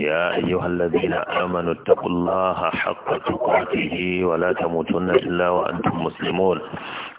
يا أيها الذين آمنوا اتقوا الله حق تقاته ولا تموتن إلا وأنتم مسلمون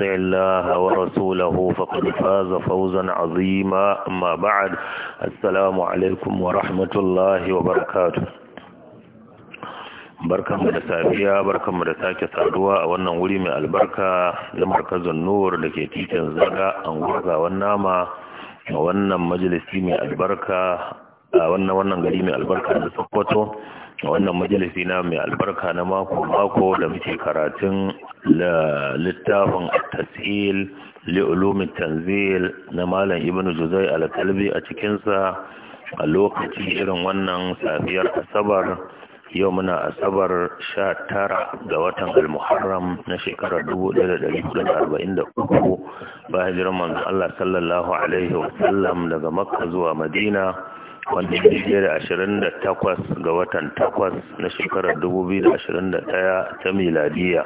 يطع الله ورسوله فقد فاز فوزا عظيما أما بعد السلام عليكم ورحمة الله وبركاته barkanmu da safiya barkanmu da sake saduwa a wannan wuri mai albarka da markazin nur da ke titin zaga an gurgawan nama a wannan majalisi mai albarka wannan wannan gari mai albarka da sokoto wannan majalisi na mai albarka na mako mako da muke karatun littafin at-tas'il li ulumi tanzil na malam ibnu juzai al-kalbi a cikinsa a lokaci irin wannan safiyar asabar yau muna asabar sha tara ga watan al-muharram na shekarar uku, bayan hijirar Allah sallallahu alaihi wasallam daga makka zuwa madina wanda ya da da takwas ga watan takwas na shekarar dubu ta miladiya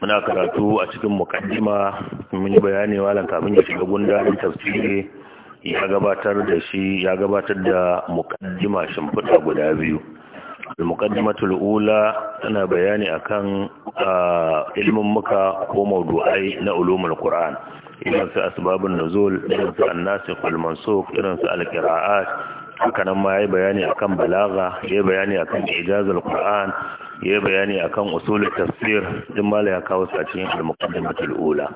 muna karatu a cikin mukaddima mun yi bayani walan kafin ya shiga gundarin tafsiri ya gabatar da shi ya gabatar da mukaddima shimfiɗa guda biyu al-muqaddimatul ula tana bayani akan ah, ilmin muka ko maudu'ai na ulumul qur'an irin su asbabun nuzul irin su annasikh Kulman irin su alkira'at haka nan ya yi bayani a kan balaga ya yi bayani a kan ijazar ijazul ya yi bayani a kan usulun tafsir din mala ya kawo sa cikin al ula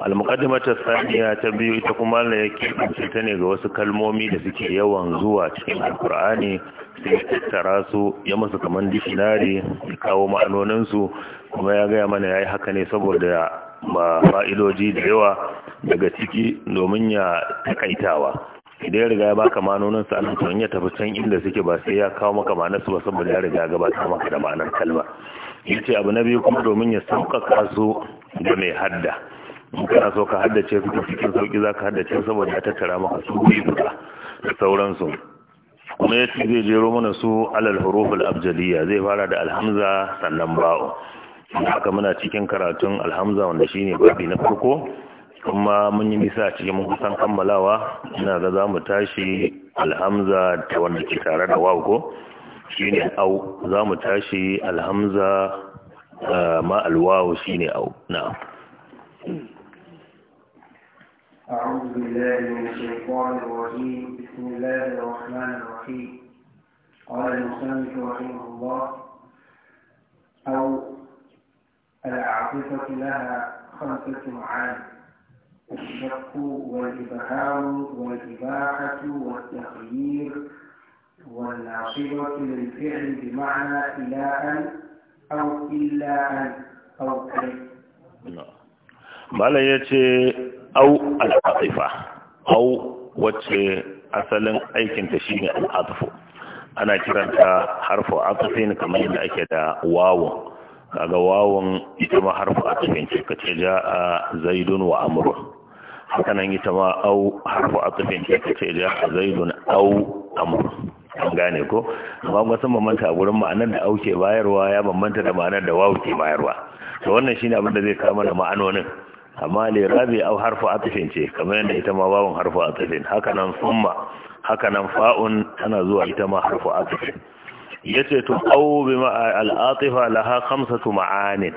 al saniya ta biyu ita kuma ya yake ta ne ga wasu kalmomi da suke yawan zuwa cikin alkur'ani sai tattara su ya masu kaman dictionary ya kawo ma'anoninsu, kuma ya gaya mana ya yi haka ne saboda ba fa'idoji da yawa daga ciki domin ya takaitawa idan ya riga ya baka manonin sa tun ya tafi can inda suke ba sai ya kawo maka ma'anar su ba saboda ya riga ta maka da ma'anar kalma yace abu na biyu kuma domin ya sauƙaƙa su da mai hadda in kana so ka haddace su cikin sauƙi za ka haddace saboda ya tattara maka su guri guda da sauransu kuma yace zai jero mana su alal huruful abjadiyya zai fara da alhamza sannan ba'u haka muna cikin karatun alhamza wanda shi ne babi na farko kuma mun yi a cikin kusan kammalawa ina ga za mu tashi alhamza ta wanda ke tare da waw ko ne au za mu tashi alhamza eh, ma shi ne au na'am أعوذ بالله من الشيطان الرجيم بسم الله الرحمن الرحيم قال المصنف رحمه الله أو العاطفة لها خمسة معاني الشق والإبهام والإباحة والتغيير والناصبة للفعل بمعنى إلى أن أو إلا أن أو كي نعم. مالا أو العاطفة أو وجه أصلا أي كنتشين العاطفة انا kiranta حرف عاطفين كما yadda ake واو kaga wawon ita ma harfu a cikin ce ka ce a zaidun wa amurun haka nan ita ma au harfu a cikin ce ka ce a zaidun au amurun an gane ko amma kuma sun bambanta a gurin ma'anar da au ke bayarwa ya bambanta da ma'anar da wawu ke bayarwa to wannan shine abin da zai kama da ma'anonin amma rabi au harfu cikin ce kamar yadda ita ma bawon harfu atfin haka nan summa haka nan fa'un tana zuwa ita ma harfu cikin yace to au bi al-atifa laha khamsatu ma'anin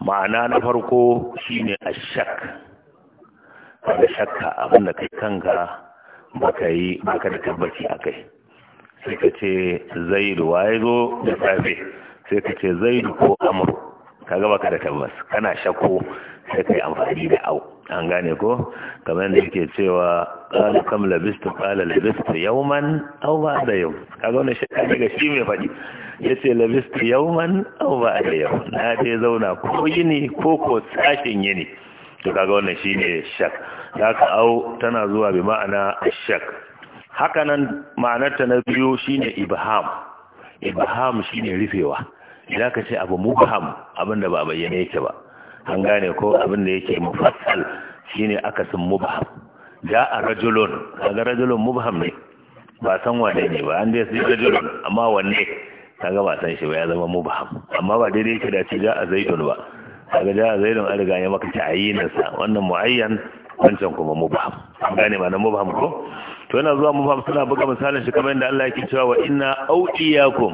ma'ana na farko shine ashak wanda shakka abin da kai kanka baka yi baka da tabbaci akai sai ka ce zaidu waye zo da safe sai ka ce zaidu ko amru kaga baka da tabbas kana shakko sai kai amfani da au an gane ko kamar da yake cewa qala kam labista qala labistu yawman aw ba'da yau kaga wannan shi daga shi mai fadi yace labistu yawman aw ba'da yau na dai zauna ko yini ko ko sashen yini to kaga wannan shine shak haka au tana zuwa bi ma'ana shak haka nan ma'anarta na biyu shine ibham ibham shine rufewa idan ka ce abu mubham abinda ba bayyane yake ba an gane ko abin da yake mufassal shine akasin mubham ja'a rajulun kaga rajulun mubham ne ba san wane ne ba an dai sai rajulun amma wanne kaga ba san shi ba ya zama mubham amma ba daidai yake da ce ja'a zaidun ba kaga a zaidun an riga ya maka ta'ayinin sa wannan muayyan wancan kuma mubham an gane ma na mubham ko to yana zuwa mubham suna buga misalin shi kamar yadda Allah yake cewa wa inna awtiyakum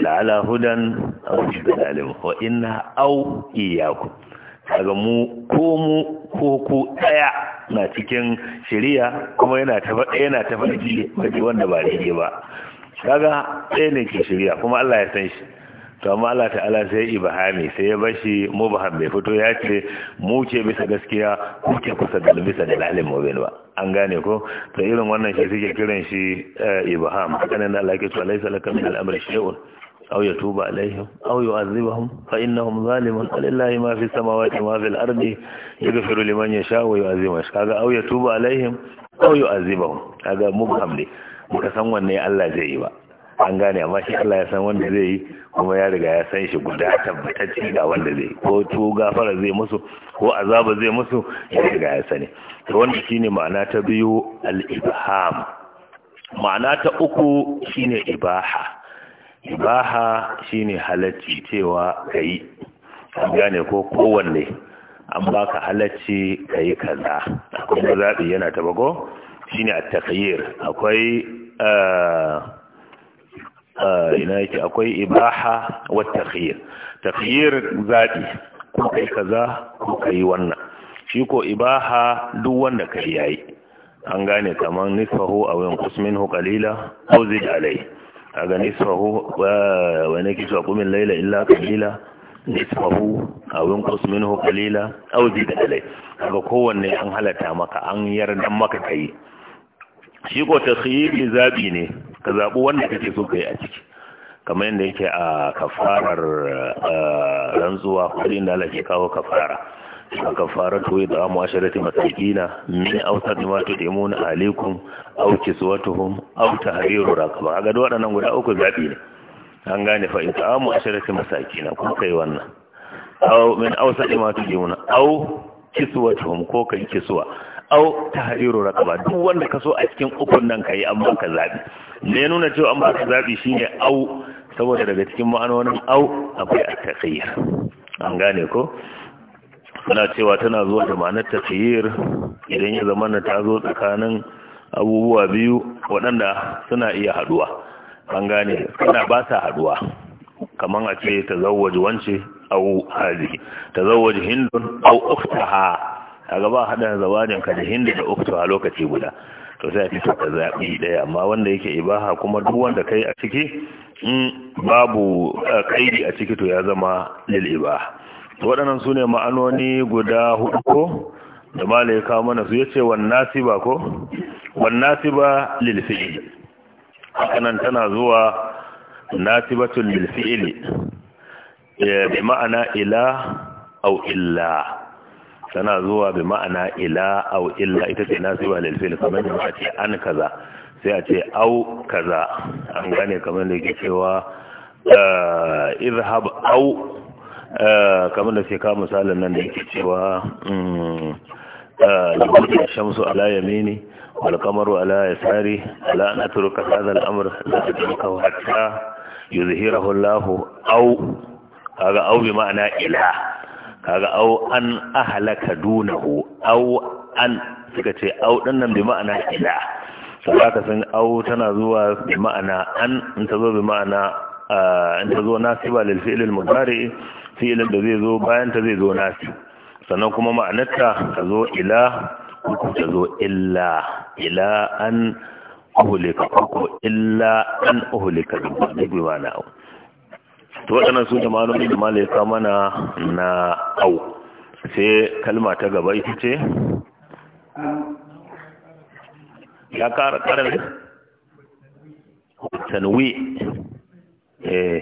la ala hudan aw fi dalalin wa inna aw iyyakum daga mu ko mu ko ku daya na cikin shari'a kuma yana ta yana ta farki wanda ba daidai ba kaga ɗaya ne ke shari'a kuma Allah ya san shi to amma Allah ta'ala sai ibhami sai ya bashi mubham bai fito ya ce mu ce bisa gaskiya ku ke kusa da bisa da alim mubin ba an gane ko to irin wannan shi suke kiran shi eh, ibham kanan Allah ke to laisa lakum min al shay'un أو يتوب عليهم أو يؤذبهم فإنهم ظالمون لله ما في السماوات وما في الأرض يغفر لمن يشاء ويعذب من يشاء أو يتوب عليهم أو يؤذبهم هذا مبهم لي muka san الله زي zai an gane amma shi Allah ya san wanda zai yi kuma ya riga ya san shi guda tabbatacce ga wanda zai ko to gafara zai musu ko azaba zai musu ya riga ya sani to wanda shine ma'ana ta biyu al-ibham ma'ana ta uku shine ibaha ibaha shine halacci cewa kai an gane ko kowanne an baka halacci kai kaza akwai da zaɓi yana tabago shine at-taqyir akwai eh, eh, ina yake akwai ibaha wa taqyir taqyir zaɓi ko kai kaza ko kai wannan shi ko ibaha duk wanda kai yayi an gane kaman nisfahu aw yanqus minhu qalila aw zid alayhi kaga nisfahu wa nakisa kumin laila illa qalila nisfahu aw yanqus minhu qalila aw zid alai kaga kowanne an halata maka an yardan maka kai shi ko tashyiri zabi ne ka zaɓi wanda kake so kai a ciki kamar yadda yake a kafarar eh, rantsuwa kudin da Allah ke kawo kafara kafaratu idamu asharati masakina min awsat ma tudimun alaikum aw kiswatuhum aw tahriru raqaba kaga da wadannan guda uku zabi ne an gane fa idamu asharati masakina ko kai wannan aw min awsat ma tudimun aw kiswatuhum ko kai kiswa aw tahriru raqaba duk wanda kaso a cikin ukun nan kai an baka zabi ne nuna cewa an baka zabi shine aw saboda daga cikin ma'anonin aw akwai at-taqiyya an gane ko suna cewa tana zuwa da ma'anar tafiyar idan ya zama na ta zo tsakanin abubuwa biyu waɗanda suna iya haɗuwa an gane suna ba sa haɗuwa kamar a ce ta zawaji wance au hazi ta zawaji hindun au ha a gaba haɗa zawajin ka da hindu da uktaha lokaci guda to sai a fito ta zaɓi ɗaya amma wanda yake ibaha kuma duk wanda kai a ciki in babu eh, kaidi a ciki to ya zama lil ibaha waɗannan su ne ma'anoni guda hudu ko da malai kawo mana su yace wannasi nasiba ko wannasi nasiba lil fi'li hakanan tana zuwa nasibatun lil fi'li bi ma'ana ila aw illa tana zuwa bi ma'ana ila aw illa ita ce nasiba lil kamar da ce an kaza sai a ce au kaza an gane kamar da yake cewa ah, izhab au Eh, kamar da sai ka misalin nan da yake cewa mm, eh, da shamsu ala yamini wal qamaru ala yasari ala an atruka hadha al amr la atruka hatta yuzhirahu Allah au kaga au bi ma'ana ila kaga au an ahlaka dunahu au an suka ce au dan nan bi ma'ana ila to zaka san au tana zuwa bi ma'ana an in ta zo bi ma'ana eh, in ta zo nasiba lil fi'l al mudari filin da zai zo bayan ta zai zo nasi, sannan kuma ma'anarta ta zo ila ko ta zo illa ila an ahulika ko illa an ahulika duk bi ma'ana au to waɗannan su da ma'anoni da malai ya mana na au sai kalma ta gaba ita ce ya ƙara ƙarar tanwi eh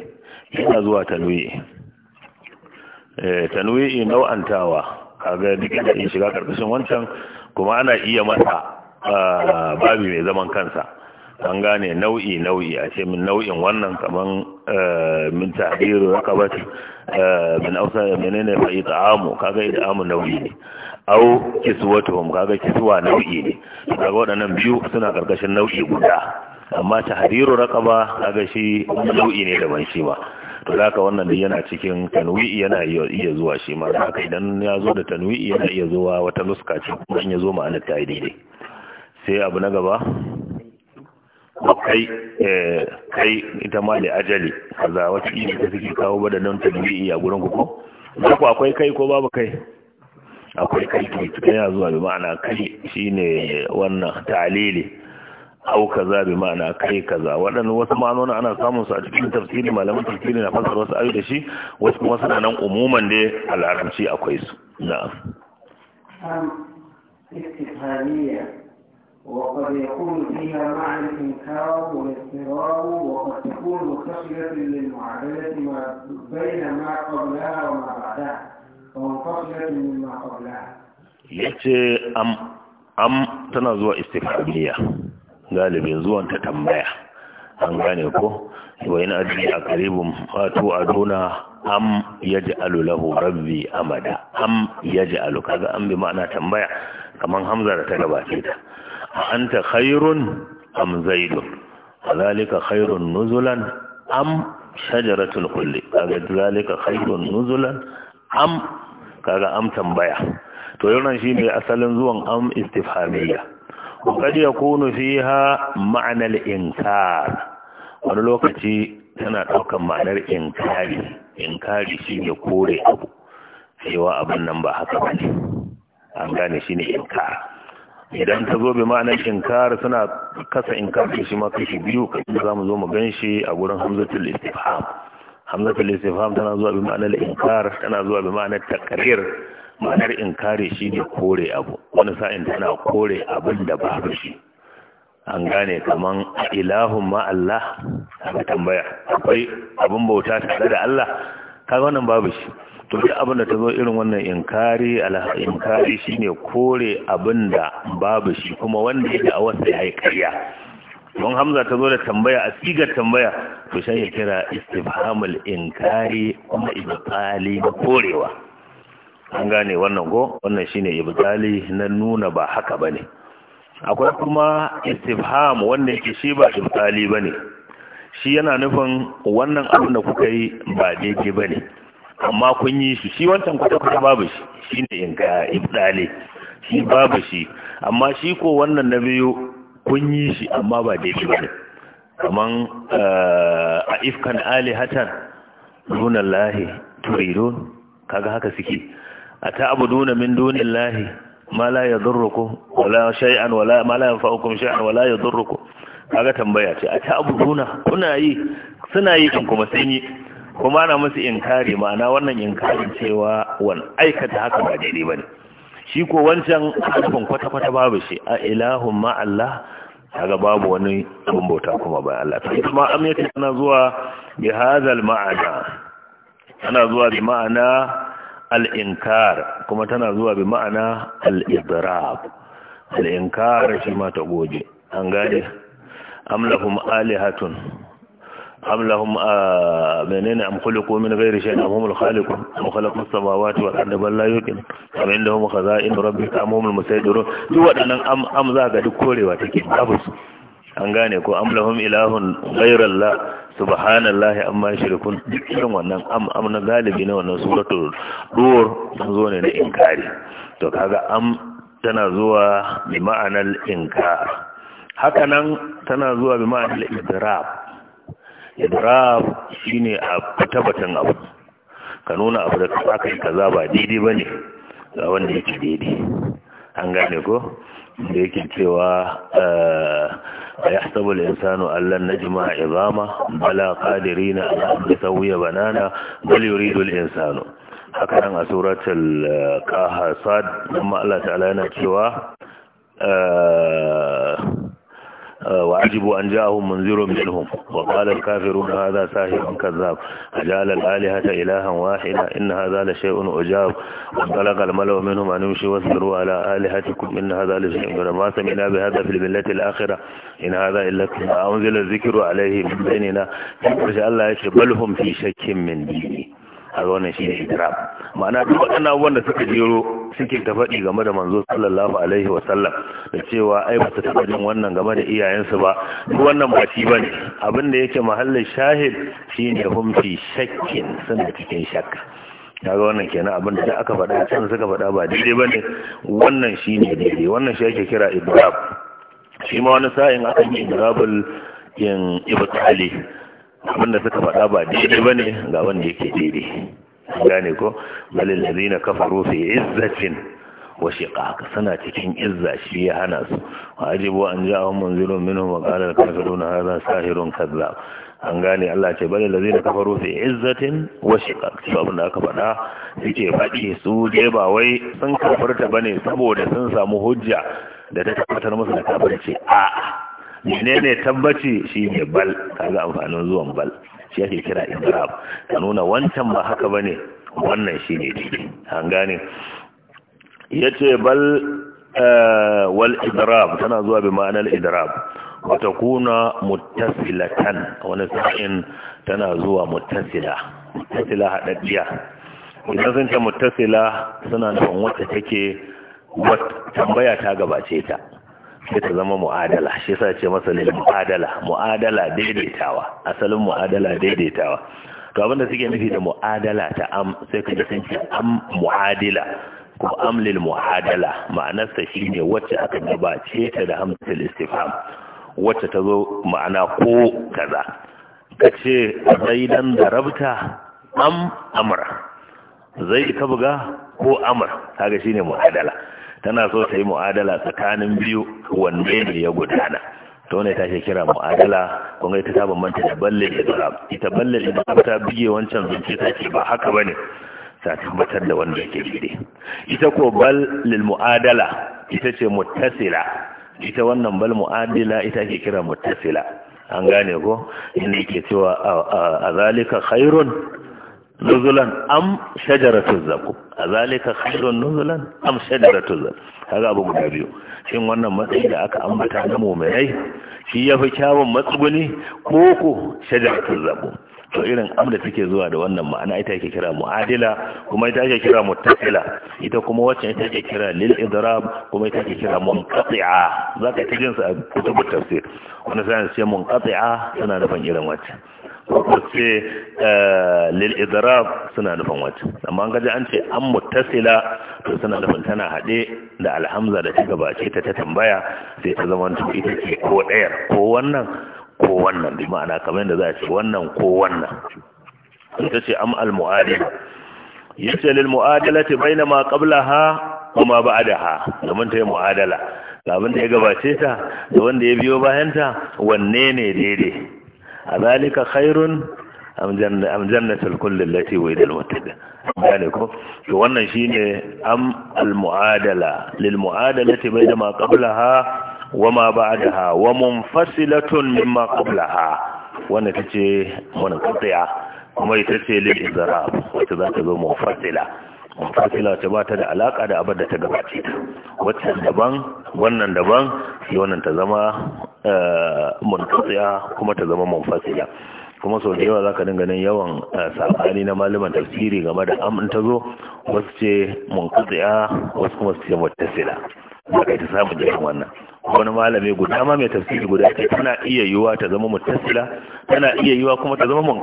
yana zuwa tanwi Eh, tanwi'i nau'antawa kaga duk da in shiga karkashin wancan kuma ana iya masa ah, babi mai zaman kansa an gane nau'i nau'i a ce min nau'in wannan kaman eh, min tahriru rakabat eh, min ausa menene fa it'amu kaga it'amu nau'i ne au kiswatuhum kaga kiswa nau'i ne kaga waɗannan biyu suna karkashin nau'i guda amma tahriru rakaba kaga shi nau'i ne da ban shi ba to wannan din yana cikin tanwi'i yana iya zuwa shi ma haka idan ya zo da tanwi'i yana iya zuwa wata nuska ce kuma in ya zo ma'ana ta yi daidai sai abu na gaba kai eh, kai ita ma da ajali kaza wata ne ta suke kawo ba da nan tanwi'i a gurin kuku na akwai kai ko babu kai akwai kai to yana zuwa bi ma'ana kai shine wannan ta'alili au kaza bi ma'ana kai kaza waɗannan wasu ma'anoni ana samun su a cikin tafsiri malaman tafsiri na fasar wasu ayu da shi wasu kuma suna nan umuman da a larabci akwai su na'am وقد يكون فيها معنى الإنكار والاضطرار وقد تكون خشية للمعادلة ما بين ما قبلها وما بعدها مما قبلها. يأتي أم أم استفهامية. galibin zuwan ta tambaya an gane ko wa ina ji a karibin wato aduna am alu lahu rabbi amada am yaji alu, kaga an bi ma'ana tambaya kaman hamza da ta gabace ta anta khairun am zaidun zalika khairun nuzulan am shajaratul khulli kaga zalika khairun nuzulan am kaga am tambaya to yau nan shine asalin zuwan am istifhamiyya وقد يكون ma'anar inkar Wani lokaci tana ɗaukar ma'anar inkari inkari shi ne kore abu cewa abin nan ba haka ba ne an gane shi ne inkar idan ta zo bi ma'anar inkar suna kasa inkar shi ma kashi biyu kashi za mu zo mu gan shi a gurin hamzatul istifham hamzatul istifham tana zuwa bi ma'anar inkar tana zuwa bi ma'anar taqrir ma'anar in kare shi ne kore abu wani sa'in tana kore abin da babu shi an gane kaman ilahun ma Allah aka tambaya akwai abin bauta tare da Allah kaga wannan babu shi to duk abin da ta zo irin wannan in kare shi ne kore abin da babu shi kuma wanda yake a ya yi karya don hamza ta zo da tambaya a sigar tambaya to shan ya kira istifhamul inkari kuma ibtali korewa an gane wannan go wannan shine ibdali na nuna ba haka bane akwai kuma istifham wanda yake shi ba ibdali bane shi yana nufin wannan abin da kuka yi ba daidai bane amma kun yi shi shi wancan kuka kuka babu shi shine in ga ibdali shi babu shi amma shi ko wannan na biyu kun yi shi amma ba daidai bane kaman eh, a ifkan alihatan dunallahi turidun kaga haka suke أتعبدون من دون الله ما لا يضركم ولا شيئا ولا ما لا ينفعكم شيئا ولا يضركم kaga tambaya ce a ta'buduna kuna yi suna yi kin kuma sun yi kuma ana musu inkari ma'ana wannan inkari cewa wan aikata haka ba daidai bane shi ko wancan alfin kwata kwata babu shi a ilahun ma Allah kaga babu wani abin kuma ba Allah to kuma amyata tana zuwa bi hadal ma'ana ana zuwa bi ma'ana al'inkar kuma tana zuwa bi ma'ana al'idrab al'inkar shi ma ta goje an gane amlahum alihatun amlahum a ah, menene am khuliqu min ghairi shay'in am humul khaliqun am khalaqu samawati wal arda bal Amin da am indahum khaza'in rabbika am humul musaydirun duk waɗannan am am za ga duk korewa take babu su an gane ko amlahum ilahun ghairu la. subhanallahi amma shirkun irin wannan am na galibi na wannan suratul dur zo ne na inkari to kaga am tana zuwa bi ma'anar inkar haka nan tana zuwa bi ma'anar idrab idrab shine a tabbatan abu ka nuna abu da aka kaza ba daidai bane ga wanda yake daidai an gane ko da yake cewa a eh, ya sabu insanu allan na jima'a izama bala kadiri na da sauya banana bal yuridu insanu haka nan a suratul eh, kahasad amma Allah ta'ala yana cewa eh, آه، وعجبوا أن جاءهم منذر منهم وقال الكافرون هذا ساهر كذاب أجعل الآلهة إلها واحدا إن هذا لشيء أجاب وانطلق الملأ منهم أن يمشي واصبروا على آلهتكم إن هذا لشيء ما سمعنا بهذا في الملة الآخرة إن هذا إلا أنزل الذكر عليه من بيننا الله هم في شك من دينه a wannan shi ne itiraf ma'ana duk waɗannan abubuwan da suka jero suke ta faɗi game da manzo sallallahu alaihi wa sallam da cewa ai ba su taɓa jin wannan game da iyayensu ba duk wannan ba shi bane abin da yake mahallin shahid shine hum fi shakkin suna cikin shakka kaga wannan kenan abin da aka faɗa can suka faɗa ba daidai bane wannan shi ne daidai wannan shi ake kira idrab shi ma wani sa'in akan yi idrabul yin ibtali abinda suka faɗa ba daidai ba ne ga wanda yake daidai gane ko balil ladina kafa rufe izzatin wa shiqaq suna cikin izza shi ya hana su wa ajibu an ja'ahum munzirun minhum wa qala al-kafiruna hadha sahirun kaza an gane Allah ce bane da zai kafa rufe izzatin wa shiqaq Su abin da aka faɗa yake faɗi su je ba wai sun kafarta ba ne saboda sun samu hujja da ta tabbatar musu da kafarci a menene tabbaci shi ne bal kaga amfanin zuwan bal shi ake kira idrab ka nuna wancan ba haka bane wannan shi ne daidai an gane yace bal eh, wal idrab tana zuwa bi ma'anar idrab wata kuna muttasilatan wani sa'in tana zuwa muttasila muttasila haɗaɗɗiya idan sun ce muttasila suna nufin wacce take tambaya ta gabace ta sai ta zama mu'adala shi sa ce masa lil mu'adala mu'adala daidaitawa asalin mu'adala daidaitawa to abinda suke nufi da mu'adala ta am sai ka ji sun am mu'adila ko am lil mu'adala ma'anarsa shine wacce aka gabace ta da hamzatul istifham wacce ta zo ma'ana ko kaza ka ce da darabta am amra zai ka buga ko amr kaga shine mu'adala tana so ta yi mu'adala tsakanin biyu wanne ne ya gudana to ne ta kira mu'adala kun ga ita ta bambanta da balle da zarab ita balle da ta bige wancan zunce ta ce ba haka bane ta tabbatar da wanda yake daidai ita ko bal lil mu'adala ita ce muttasila ita wannan bal mu'adila ita ke kira muttasila an gane ko inda yake cewa a zalika khairun nuzulan am shajaratul zakum azalika khairun nuzulan am shajaratul zakum kaga abu guda biyu shin wannan matsayi da aka ambata na mu'minai shi yafi kyawun matsuguni ko ko shajaratul zakum to irin am da take zuwa da wannan ma'ana ita yake kira mu'adila kuma ita yake kira muttasila ita kuma wacce ita yake kira lil idrab kuma ita yake kira munqati'a zaka tijin sa a kutubut tafsir wani sai mun qati'a tana da ban irin wacce ce eh, lil idrab suna nufin wacce amma an gaji an ce an mutasila to suna nufin tana haɗe da alhamza da ta gabace ta ta tambaya sai ta zama ita ce ko ɗayar ko wannan ko wannan bi ma'ana kamar yadda za a ce wannan ko wannan ita ce am al mu'adila yace lil mu'adalati baina ma qablaha kuma ma ba'daha domin ta yi mu'adala ga abin da ya gabace ta da wanda ya biyo bayan ta wanne ne daidai a zalika khairun am jannatul kulli allati wa'ida al-muttaqin gane ko to wannan shine am al-mu'adala lil mu'adalati bayna ma qablaha wa ma ba'daha wa munfasilatun mimma qablaha wannan tace wannan qati'a kuma ita ce lil izrab wacce za ta zo munfasila fasila ta ba ta da alaka da abin da ta gabace ta Wacce daban wannan daban shi wannan ta zama eh, muntasiya kuma ta zama munfasila kuma sau da yawa za ka dinga nan yawan eh, sabani na malaman tafsiri game da amin ta zo wasu ce mun wasu kuma su ce mutasila za ka yi ta samun jikin wannan wani malami guda ma mai tafsiri guda ce tana iya yiwuwa ta zama mutasila tana iya yiwuwa kuma ta zama mun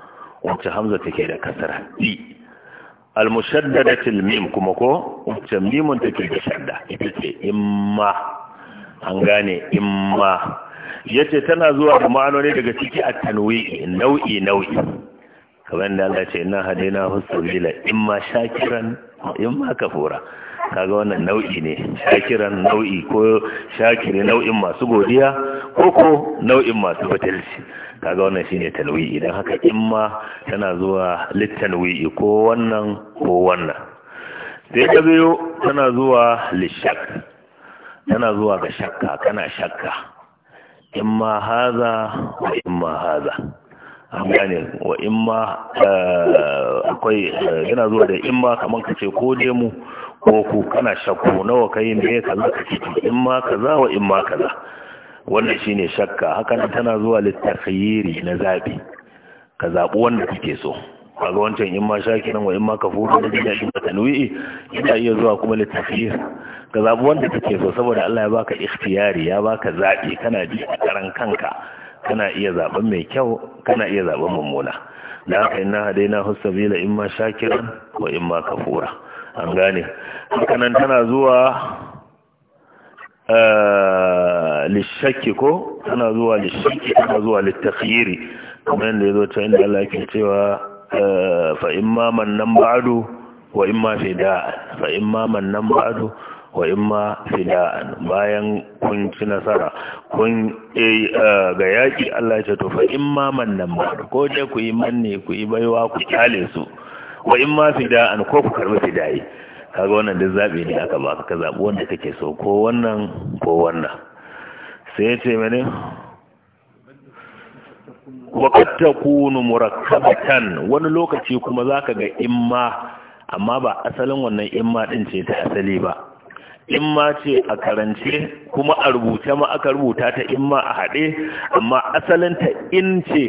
wacce hamza take da kasara Al almushaddadatil mim kuma ko wacce mimun take da shadda ita ce imma an gane imma yace tana zuwa da ma'anoni daga ciki a tanwi nau'i nau'i kamar da Allah ce inna hadaina husbila imma shakiran imma kafura kaga wannan nau'i ne shakiran nau'i ko shakiri nau'in masu godiya ko ko nau'in masu batilci kaga wannan shine talwi'i idan haka imma tana zuwa littanwi'i ko wannan ko wannan sai ka biyo tana zuwa lishak tana zuwa ga shakka kana shakka ma haza wa ma haza an gane wa ma eh, akwai eh, yana zuwa da imma kamar ka ce ko demu ko ku kana shakku nawa kai me kaza kake in ma kaza wa in ma kaza wannan shine shakka haka tana zuwa littafiyiri na zabi ka zabu wanda kike so kaga wancan in ma nan wa in ma kafuru da gida shi tanwi'i ina iya zuwa kuma littafiyir ka zabu wanda kake so saboda Allah ya baka ikhtiyari ya baka zabi kana ji a karan kanka kana iya zaben mai kyau kana iya zaben mummuna da haka inna hadaina husabila in ma shakiran wa in ma kafura an gane hakanan tana zuwa eh, lishakki ko tana zuwa lishakki tana zuwa littafiyiri kamar yadda ya zo ta inda Allah ke cewa eh, fa in nan mannan ba'adu wa in ma da'an fa in ma nan ba'adu wa in ma da’an bayan kun ci nasara kun eh, ga yaƙi Allah ce to fa in nan mannan ba'adu ko je ku yi manne ku yi baiwa ku kyale su wa in ma fida an ko ku karbi da'i kaga wannan duk zabi ne aka baka ka zabi wanda kake so ko wannan ko wannan sai ya ce mene wa qad takunu murakkabatan wani lokaci kuma zaka ga ma amma ba asalin wannan ma din ce ta asali ba ma ce a karance kuma a rubuce ma aka rubuta ta ma a haɗe amma asalin ta in ce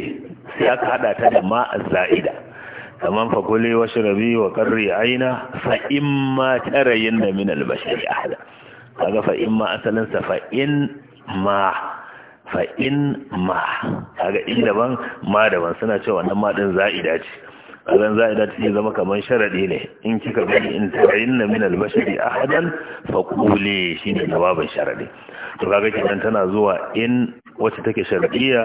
sai aka haɗa ta da ma'aza'ida. kaman fa kuli wa shirabi wa karri aina fa imma da min albashari ahla kaga fa imma asalin sa fa in ma fa in ma kaga in daban ma daban suna cewa wannan ma din za'ida ce kagan za'ida ce zama kaman sharadi ne in kika gani in da min albashari bashari ahadan fa kuli shine jawabin sharadi to kaga kidan tana zuwa in wacce take sharadiya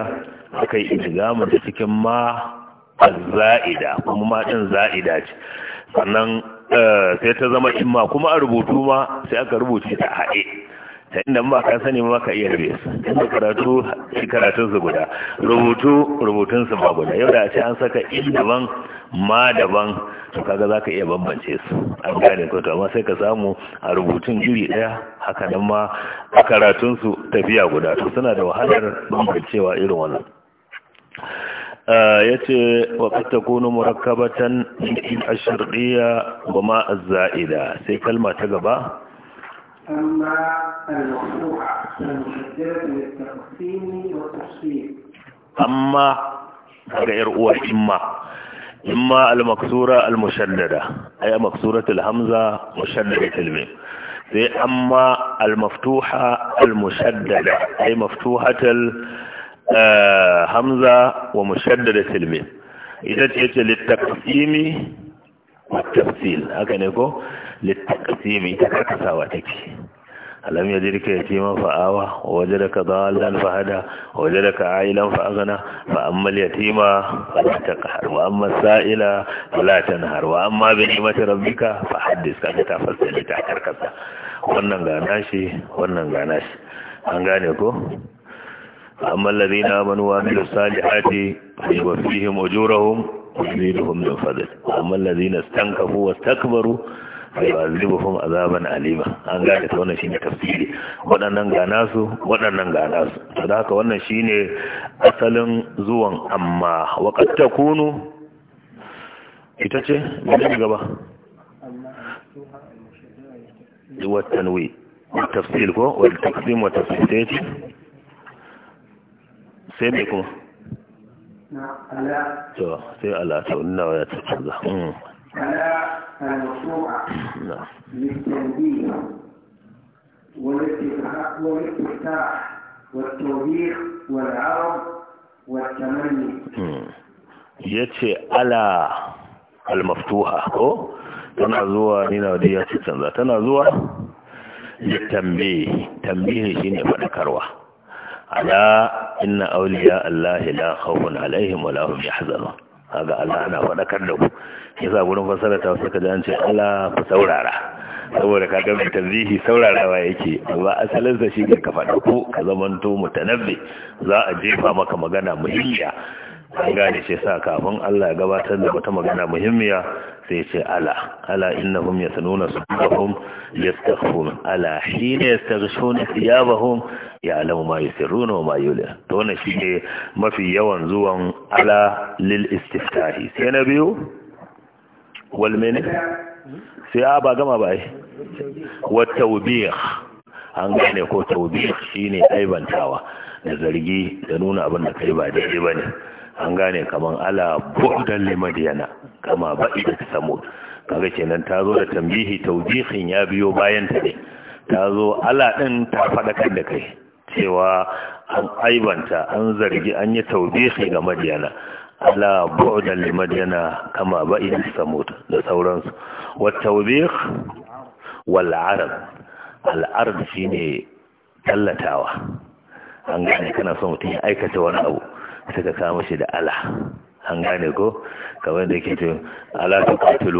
akai idgamu da cikin ma za'ida kuma ma za'ida ce sannan eh, sai ta zama imma kuma a rubutu ma sai aka rubuce ta haɗe ta inda ba ka sani ma ka iya rabe su inda karatu shi karatun su guda rubutu rubutun su ba guda yau da ce an saka in daban ma daban to kaga za ka iya bambance su an gane ko to amma sai ka samu a rubutun iri ɗaya haka nan ma a karatun su tafiya guda to suna da wahalar bambancewa irin wannan yace wa qad takunu murakkabatan min ash-sharqiyya wa ma az-za'ida sai kalma ta gaba amma al-mawdu'a al-mushaddadah lit-taqsim wa tafsir amma daga yar uwa imma imma al-maksura al-mushaddada ay maksuratul hamza mushaddatul mim sai amma al-maftuha al-mushaddada ay maftuhatul hamza wa mushaddada silmin ita ce ce littaqsimi wa tafsil haka ne ko littaqsimi ta karkasawa take alam yajrika yatiman fa'awa wa wajadaka dhallan fahada wa wajadaka a'ilan fa'aghna fa amma yatima fala taqhar wa amma sa'ila la tanhar wa amma bi ni'mati rabbika fa haddith kaga ta fassara ta karkasa wannan ga nashi wannan ga nashi an gane ko فأما الذين آمنوا وعملوا الصالحات فيوفيهم أجورهم ويزيدهم من فضل وأما الذين استنكفوا واستكبروا فيعذبهم عذابا أليما an gane ta wannan shine tafsiri waɗannan ga nasu waɗannan ga nasu to da haka wannan shine asalin zuwan amma waqad takunu ita ce ne gaba wa tanwi wa tafsir ko wa taqsim wa tafsir sai mai kuma to sai ala to ina ya ta canza mm. ala al-masu'a na litanbiya والاستفتاح والتوبيخ والعرض ala almaftuha ko tana zuwa ni na ya ce canza tana zuwa ya tambaye tambaye ne fadakarwa ala inna awliya Allah la khawfun alaihim wa lahum yahzanun kaga Allah ana fadakar da ku yasa gurin fasara ta suka ka an ce ku saurara saboda kaga mai tanzihi saurarawa yake amma asalin sa shi ka fada ku ka zamanto mutanabbi za a jefa maka magana muhimmiya an gane shi sa kafin Allah ya gabatar da wata magana muhimmiya sai ce ala ala innahum yasununa sudurahum yastaghfun ala hina yastaghshuna thiyabahum ya'lamu ma yusirruna wa ma yulin to wannan shine mafi yawan zuwan ala lil istiftahi sai na biyu wal min sai a ba gama ba wa tawbih an gane ko tawbih shine aibantawa da zargi da nuna abin da kai ba daidai bane an gane kaman ala bu'dan madiyana kama ba'ida samu kaga kenan ta zo da tambihi taujihin ya biyo bayan ta ne ta zo ala ɗin ta faɗa kan da kai cewa an aibanta an zargi an yi taujihi ga madiyana ala bu'dan madiyana kama ba'ida samu da sauransu wa tawbih wal arab al arab shine tallatawa an gane kana son mutum ya aikata wani abu suka kama shi da ala an gane ko kamar da yake cewa ala ta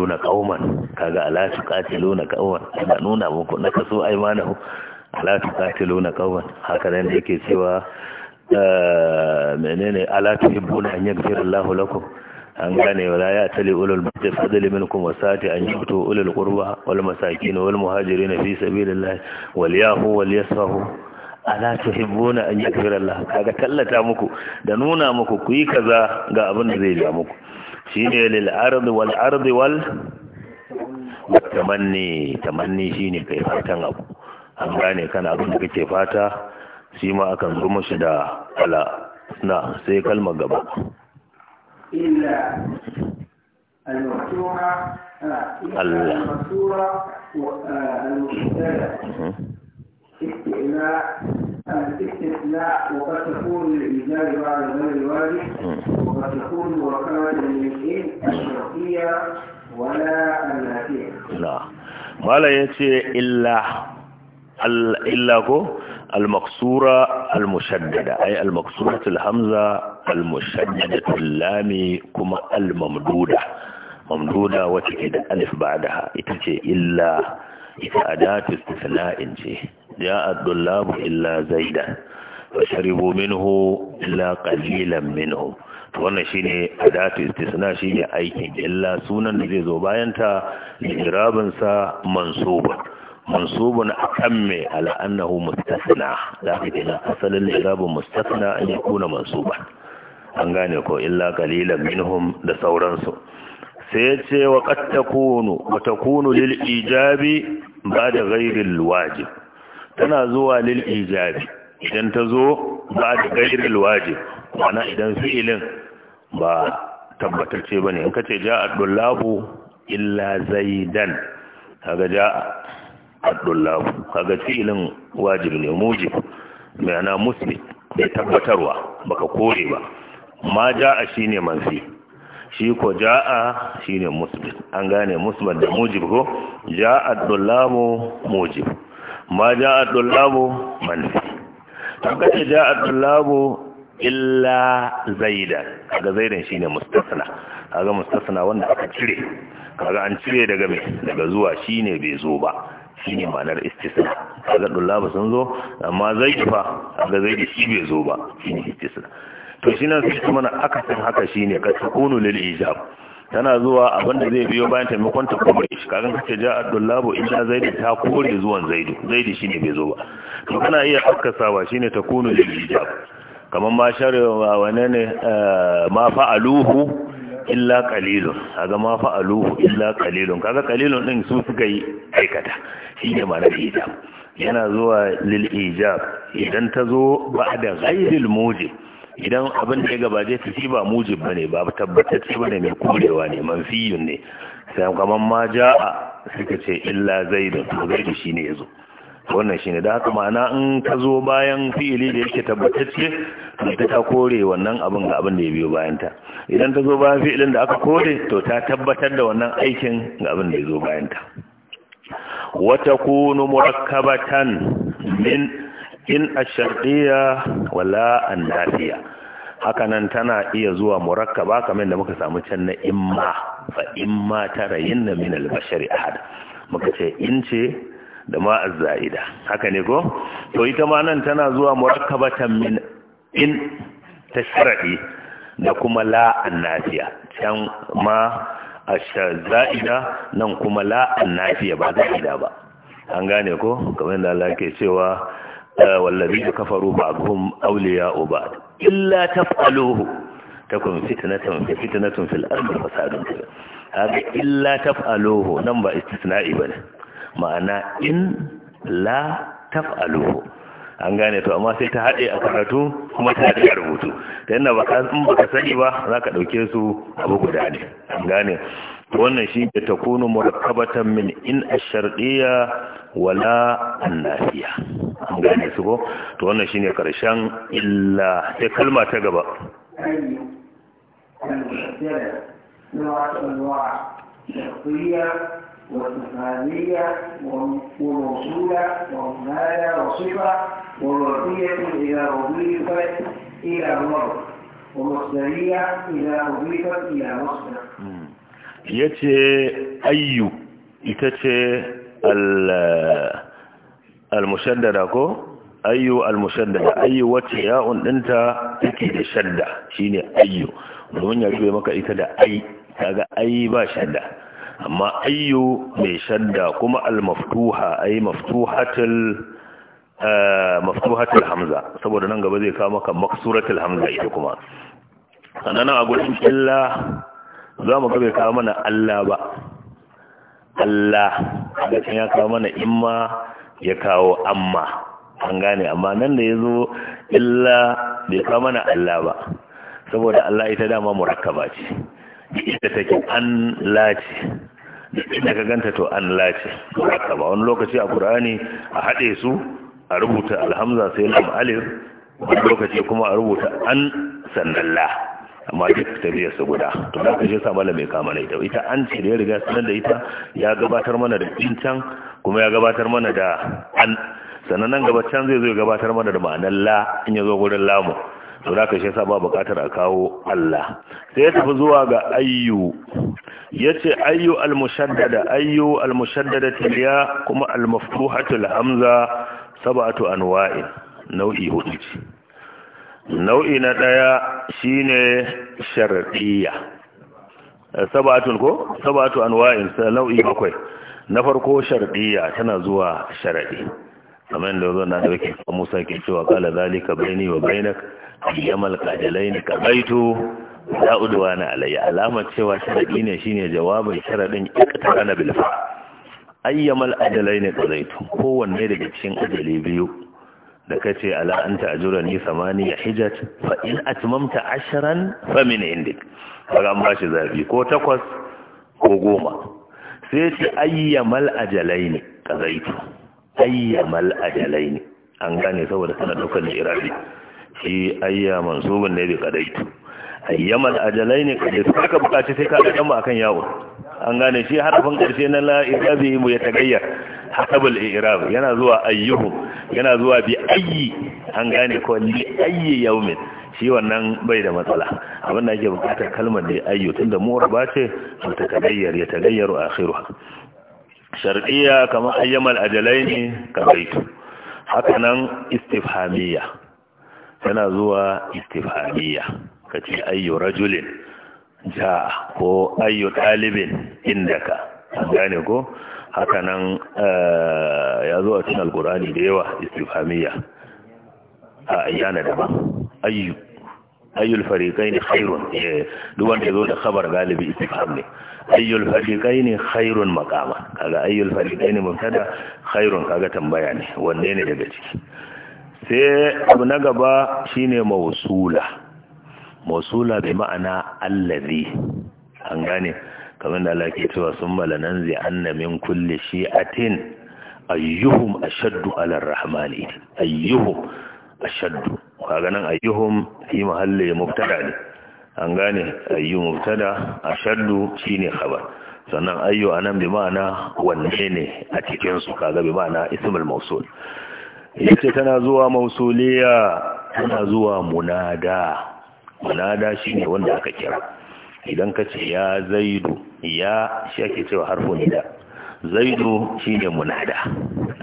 na kauman kaga ala ta na kauman ana nuna muku na kaso ko ala ta na kauman haka nan da yake cewa eh, menene ala na an yaghfira Allahu lakum an gane wala ya tali ulul baqi fadli minkum wasati an yutu ulul qurba wal masakin wal muhajirin fi sabilillah wal yahu wal yasahu ala tuhibbuna an yaghfira Allah kaga tallata muku da nuna muku ku yi kaza ga abin da zai ja muku shine lil ard wal ard wal tamanni tamanni shine kai fatan abu an gane kana abin da kake fata shi ma akan zo mushi da ala na sai kalmar gaba illa al-maktura Allah استئناء الاستثناء وقد تكون للإجابة بعد غير الواجب وقد تكون وكالة للمشين الشرقية ولا النافية لا ما لا يأتي إلا إلا هو المقصورة المشددة أي المقصورة الهمزة المشددة اللام كما الممدودة ممدودة وتكيد ألف بعدها إتتي إلا إتأدات استثناء إنجي جاء الطلاب إلا زيدا وشربوا منه إلا قليلا منهم wannan shine adatu istisna shine aikin illa sunan da zai zo bayan ta irabin sa mansuba mansubun akan me ala annahu mustasna da kake asalin irabin mustasna an yakuna mansuba an gane ko illa qalilan minhum da sauransu sai ya ce wa qad takunu wa takunu lil ijabi ba da ghairil wajib tana zuwa lil ijabi idan ta zo ba da gairil waje. Mana idan fi'ilin ba tabbatacce bane in kace ja dullabu illa zaidan kaga ja ad kaga fi'ilin wajib ne mujib ana musli bai tabbatarwa baka kore ba ma ja a shine manfi shi ko ja'a shine muslim an gane muslim da mujib ko ja'a ad mujib ma ja a tullabo manfi ta kace ja a tullabo illa zaidan kaga zaidan shine mustasna kaga mustasna wanda aka cire kaga an cire daga me daga zuwa shine bai zo ba shine ma'anar istisna kaga dullaba sun zo amma zaidi fa kaga zaidi shi bai zo ba shine istisna to shi nan sai kuma aka san haka shine ka tsakunu lil ijab tana zuwa abinda zai biyo bayan taimakon ta kore shi kagan kace ja in illa zaidi ta kore zuwan zaidi zaidi shine bai zo ba to kana iya akkasawa shine ta kunu lil ijab kaman ma sharewa wane ne eh, ma fa'aluhu illa qalilun kaga ma fa'aluhu illa qalilun kaga qalilun din su suka yi aikata shine ma'anar ijab yana zuwa lil ijab idan ta zo ba da ghairil mujib idan abin da ya gabaje ta shi ba mujib bane ba tabbatacce bane mai kurewa ne manfiyun ne sai kamar ma ja'a suka ce illa zai da to ne ya zo. wannan shi ne da haka ma'ana in ka zo bayan fi'ili da yake ce da ta kore wannan abin ga abin da ya biyo bayan ta idan ta zo bayan fi'ilin da aka kore to ta tabbatar da wannan aikin ga abin da ya zo bayan ta wata kunu murakkabatan min in ashardiya wala an nafiya hakanan tana iya zuwa murakkaba kamar da muka samu can na imma fa imma tara na min albashari a ahad muka ce in ce da ma a zaida haka ne ko to ita ma nan tana zuwa murakkabatan min in tashradi da kuma la an nafiya can ma a nan kuma la an nafiya ba zaida ba an gane ko kamar da Allah ke cewa والذين كفروا بعضهم أولياء بعض إلا تفعلوه تكون فتنة في فتنة في الأرض فساد هذا إلا تفعلوه نمبا استثناء بنا معنى إن لا تفعلوه an gane to amma sai ta haɗe a karatu kuma ta haɗe a rubutu ta yana ba ka sani ba za ka ɗauke su abu guda ne an gane to wannan shi ta takunu murakkabatan min in a shartiyya wala an-nafiya an gane su ko to wannan ne karshen illa Ta kalma ta gaba والمثالية إلى أضيفت إلى مصدر ya ce ayyu ita ce al-mushaddada ko ayyu al-mushaddada ayyu wacce ya'un ɗinta take da shadda shine ayyu domin ya rube maka ita da ai kaga ai ba shadda amma ayyu mai shadda kuma al-maftuha ai maftuhatul eh, maftuhatul hamza saboda nan gaba zai kawo maka maksuratul hamza ita kuma sanana a gurin illa za mu bai kawo mana Allah ba Allah da ya kawo mana imma ya kawo amma an gane amma nan da ya zo illa bai kawo mana Allah ba saboda Allah ita dama murakkaba ce ita take an lace da ka ganta to an lace murakkaba wani lokaci a Qur'ani a haɗe su a rubuta alhamza sai lam alif wani lokaci kuma a rubuta an sannan amma duk tafiyar su guda to da kashe sa malamai kama na ita ita an ce da ya riga sanar da ita ya gabatar mana da cincan kuma ya gabatar mana da an sannan nan gaba can zai zo ya gabatar mana da ma'anar la in ya zo gurin lamu to da kashe sa ba bukatar a kawo Allah sai ya tafi zuwa ga ayyu yace ayyu al-mushaddada ayyu al-mushaddada tiliya kuma al-maftuhatul hamza sab'atu anwa'in nau'i hudu nau'i na ɗaya shi ne shar'iyya sabatun ko sabatu anwa'in nau'i bakwai na farko shar'iyya tana zuwa sharaɗi. kamar da zo na da yake Musa ke cewa kala zalika baini wa bainak ayyamal qadalain ka baitu la udwana alayya alamar cewa sharaɗi ne shine jawabin sharadin iqtarana bil fa ayyamal adalain qadaitu kowanne daga cikin ajali biyu da kace ala anta ajurani ya hijat fa in atmamta ashran fa min indik kaga an bashi zafi ko takwas ko goma sai ce ayyamal ajalaini kazaitu ayyamal ajalaini an gane saboda kana daukar irabi shi ayya mansubun ne bi kadaitu ayyamal ajalaini kadaitu ka bukaci sai ka ga dan akan yawo an gane shi harafin karshe na la irabi mu ya tagayya hasabul i'rab yana zuwa ayyuhum yana zuwa bi ayyi an gane ko li ayyi yaumin shi wannan bai da matsala abin da ake bukatar kalmar da ayyu tunda raba ce to ta tagayyar ya tagayyaru akhiruha shar'iyya kamar ayyamal ajalaini kabaitu haka nan istifhamiyya Yana zuwa istifhamiyya kace ayyu rajulin ja ko ayyu talibin indaka an gane ko hakanan eh, ya zo a cikin alkurani da yawa istifamiya a ayyana daban ayyu ayyul fariqain khairun eh, duk wanda zo da khabar galibi istifham ne ayyul fariqain khairun maqama kaga ayyul fariqain mubtada khairun kaga tambaya ne wanne ne daga ciki sai abu na gaba shine mawsula mawsula bi ma'ana allazi an gane kamar da Allah ke cewa sun malanan zai kulle shi a shi'atin ayyuhum ashaddu ala rahmani ayyuhum ashaddu kaga nan ayyuhum fi mahalli mubtada ne an gane ayyu mubtada ashaddu shine khabar sannan ayyu a anan bi ma'ana wanne ne a cikin su kaga bi ma'ana ismul mawsul yace tana zuwa mausuliya tana zuwa munada munada shine wanda aka kira idan ka ce ya zaidu ya shi ake cewa harfin nida zaidu shi ne munada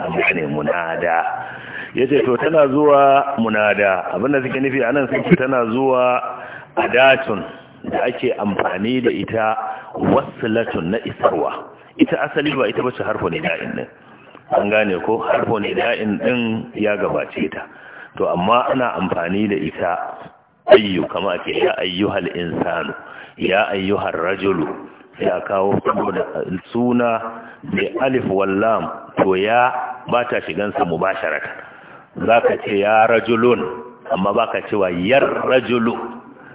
amma ne munada ya ce to tana zuwa munada abinda suke nufi a nan sun tana zuwa adatun da ake amfani da ita wasilatun na isarwa ita asali ba ita bace harfin nida'in din an gane ko harfin dain din ya gabace ta to amma ana amfani da ita ayyu kama ake ya ayyuhal insanu ya ayyuhar rajulu ya kawo saboda suna da alif wallam to ya ba ta shigansa mubasharata za ka ce ya rajulun amma ba ka cewa yar rajulu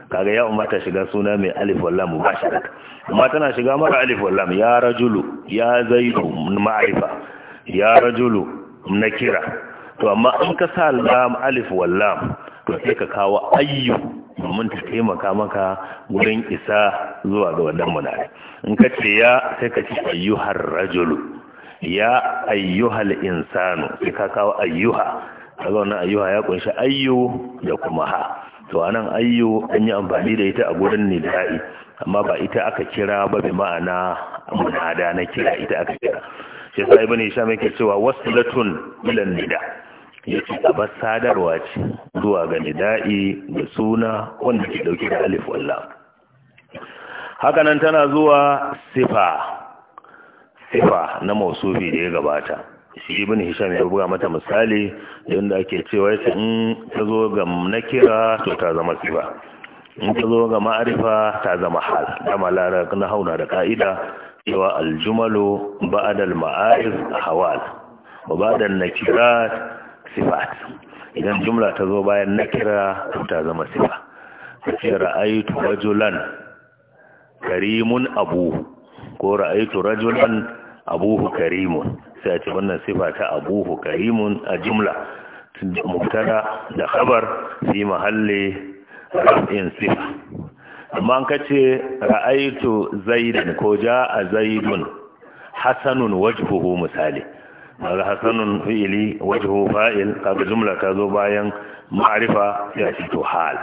kaga ya umarta shiga suna mai alif wallam mubasharata amma tana shiga mara alif wallam ya rajulu ya zaidu ma'arifa ya rajulu na kira. to amma in ka sa alif wallam to sai ka kawo ayyu domin ta taimaka maka wurin isa zuwa ga wannan munare in ka ce ya sai ka ce ayyuhar rajulu ya ayyuhal insanu sai ka kawo ayyuha kaga wannan ayyuha ya kunshi ayyu da kuma ha to anan ayyu an yi amfani da ita a gurin nida'i amma ba ita aka kira ba bi ma'ana munada na kira ita aka kira shi sai ibn hisham yake cewa waslatun ila nida' ya ce gabar sadarwa ce zuwa ga nida'i da suna wanda ke dauke da alif wallah hakanan tana zuwa sifa sifa na mausufi da ya gabata shi ibn hisham ya buga mata misali yadda ake cewa yace in ta zo ga nakira to ta zama sifa in ta zo ga ma'arifa ta zama hal da malara na hauna da ka'ida cewa aljumalu ba'dal ma'arif hawal wa ba'dan nakirat sifat idan jumla ta zo bayan na kira ta zama sifa kace ra'aytu rajulan karimun abu ko ra'aytu rajulan abuhu karimun sai a ce wannan sifa ta abuhu karimun a jumla mubtada da khabar fi mahalli raf'in sifa amma an kace ra'aytu zaidan ko jaa zaidun hasanun wajhuhu misali daga hasanun fi'ili wajhu fa'il kaga jumla ta zo bayan ma'rifa ya ce to hal